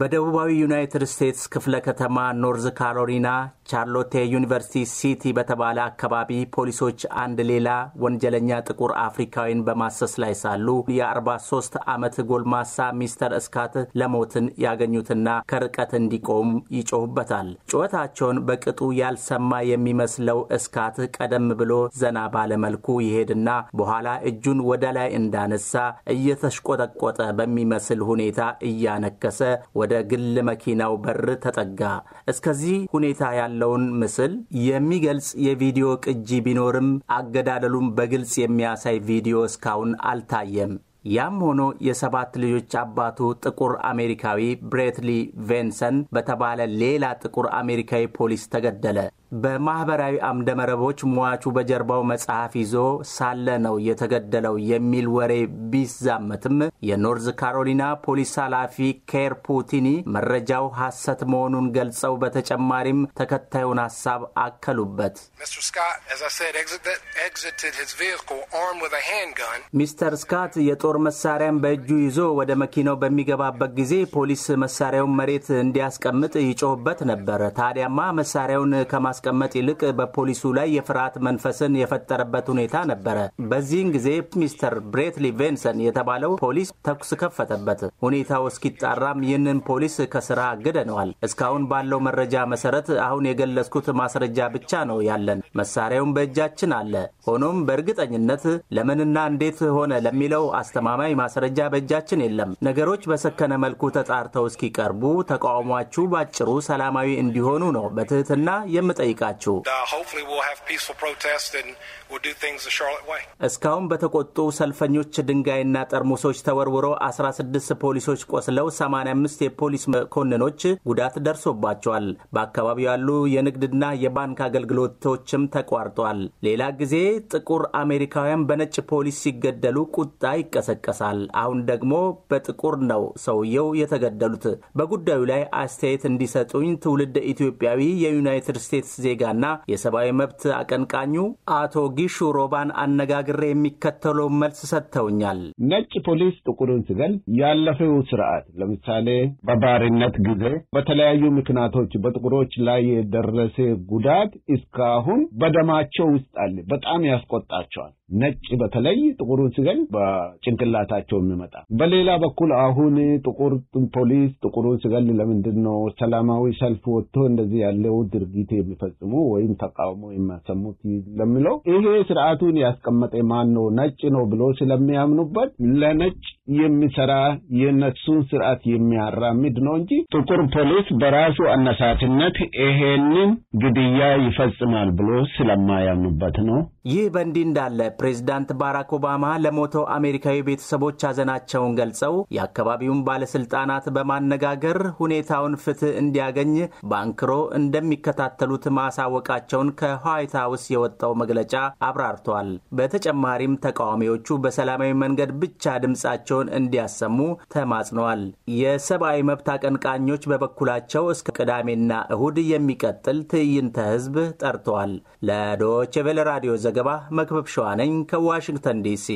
በደቡባዊ ዩናይትድ ስቴትስ ክፍለ ከተማ ኖርዝ ካሮሊና ቻርሎቴ ዩኒቨርሲቲ ሲቲ በተባለ አካባቢ ፖሊሶች አንድ ሌላ ወንጀለኛ ጥቁር አፍሪካዊን በማሰስ ላይ ሳሉ የ43 ዓመት ጎልማሳ ሚስተር እስካት ለሞትን ያገኙትና ከርቀት እንዲቆም ይጮሁበታል። ጩኸታቸውን በቅጡ ያልሰማ የሚመስለው እስካት ቀደም ብሎ ዘና ባለመልኩ ይሄድና በኋላ እጁን ወደ ላይ እንዳነሳ እየተሽቆጠቆጠ በሚመስል ሁኔታ እያነከሰ ወደ ግል መኪናው በር ተጠጋ። እስከዚህ ሁኔታ ያለ ያለውን ምስል የሚገልጽ የቪዲዮ ቅጂ ቢኖርም አገዳደሉን በግልጽ የሚያሳይ ቪዲዮ እስካሁን አልታየም። ያም ሆኖ የሰባት ልጆች አባቱ ጥቁር አሜሪካዊ ብሬትሊ ቬንሰን በተባለ ሌላ ጥቁር አሜሪካዊ ፖሊስ ተገደለ። በማኅበራዊ አምደ መረቦች ሟቹ በጀርባው መጽሐፍ ይዞ ሳለ ነው የተገደለው የሚል ወሬ ቢዛመትም የኖርዝ ካሮሊና ፖሊስ ኃላፊ ኬር ፑቲኒ መረጃው ሐሰት መሆኑን ገልጸው በተጨማሪም ተከታዩን ሐሳብ አከሉበት። ሚስተር ስካት የጦር መሳሪያን በእጁ ይዞ ወደ መኪናው በሚገባበት ጊዜ ፖሊስ መሳሪያውን መሬት እንዲያስቀምጥ ይጮህበት ነበር። ታዲያማ መሳሪያውን ከማ ከማስቀመጥ ይልቅ በፖሊሱ ላይ የፍርሃት መንፈስን የፈጠረበት ሁኔታ ነበረ። በዚህን ጊዜ ሚስተር ብሬትሊ ቬንሰን የተባለው ፖሊስ ተኩስ ከፈተበት። ሁኔታው እስኪጣራም ይህንን ፖሊስ ከስራ አግደነዋል። እስካሁን ባለው መረጃ መሰረት አሁን የገለጽኩት ማስረጃ ብቻ ነው ያለን። መሳሪያውም በእጃችን አለ። ሆኖም በእርግጠኝነት ለምንና እንዴት ሆነ ለሚለው አስተማማኝ ማስረጃ በእጃችን የለም። ነገሮች በሰከነ መልኩ ተጣርተው እስኪቀርቡ ተቃውሟችሁ ባጭሩ ሰላማዊ እንዲሆኑ ነው በትህትና የምጠ ጠይቃችሁ uh, እስካሁን በተቆጡ ሰልፈኞች ድንጋይና ጠርሙሶች ተወርውሮ 16 ፖሊሶች ቆስለው 85 የፖሊስ መኮንኖች ጉዳት ደርሶባቸዋል። በአካባቢው ያሉ የንግድና የባንክ አገልግሎቶችም ተቋርጧል። ሌላ ጊዜ ጥቁር አሜሪካውያን በነጭ ፖሊስ ሲገደሉ ቁጣ ይቀሰቀሳል። አሁን ደግሞ በጥቁር ነው ሰውየው የተገደሉት። በጉዳዩ ላይ አስተያየት እንዲሰጡኝ ትውልድ ኢትዮጵያዊ የዩናይትድ ስቴትስ ዜጋና የሰብአዊ መብት አቀንቃኙ አቶ ጊሹ ሮባን አነጋግሬ የሚከተለው መልስ ሰጥተውኛል። ነጭ ፖሊስ ጥቁሩን ሲገልጽ ያለፈው ስርዓት ለምሳሌ በባርነት ጊዜ በተለያዩ ምክንያቶች በጥቁሮች ላይ የደረሰ ጉዳት እስካሁን በደማቸው ውስጥ አለ። በጣም ያስቆጣቸዋል። ነጭ በተለይ ጥቁሩን ስገል በጭንቅላታቸው የሚመጣ በሌላ በኩል አሁን ጥቁር ፖሊስ ጥቁሩን ሲገል ለምንድን ነው ሰላማዊ ሰልፍ ወጥቶ እንደዚህ ያለው ድርጊት የሚፈ የማይፈጽሙ ወይም ተቃውሞ የማሰሙት ለሚለው ይሄ ስርዓቱን ያስቀመጠ ማን ነው? ነጭ ነው ብሎ ስለሚያምኑበት ለነጭ የሚሰራ የነሱን ስርዓት የሚያራምድ ነው እንጂ ጥቁር ፖሊስ በራሱ አነሳትነት ይሄንን ግድያ ይፈጽማል ብሎ ስለማያምኑበት ነው። ይህ በእንዲህ እንዳለ ፕሬዚዳንት ባራክ ኦባማ ለሞተው አሜሪካዊ ቤተሰቦች ሐዘናቸውን ገልጸው የአካባቢውን ባለስልጣናት በማነጋገር ሁኔታውን ፍትህ እንዲያገኝ ባንክሮ እንደሚከታተሉት ማሳወቃቸውን ከዋይት ሀውስ የወጣው መግለጫ አብራርቷል። በተጨማሪም ተቃዋሚዎቹ በሰላማዊ መንገድ ብቻ ድምፃቸውን እንዲያሰሙ ተማጽነዋል። የሰብአዊ መብት አቀንቃኞች በበኩላቸው እስከ ቅዳሜና እሁድ የሚቀጥል ትዕይንተ ህዝብ ጠርተዋል። ለዶቼ ቬለ ራዲዮ ዘገ ዘገባ መክበብ ሸዋ ነኝ ከዋሽንግተን ዲሲ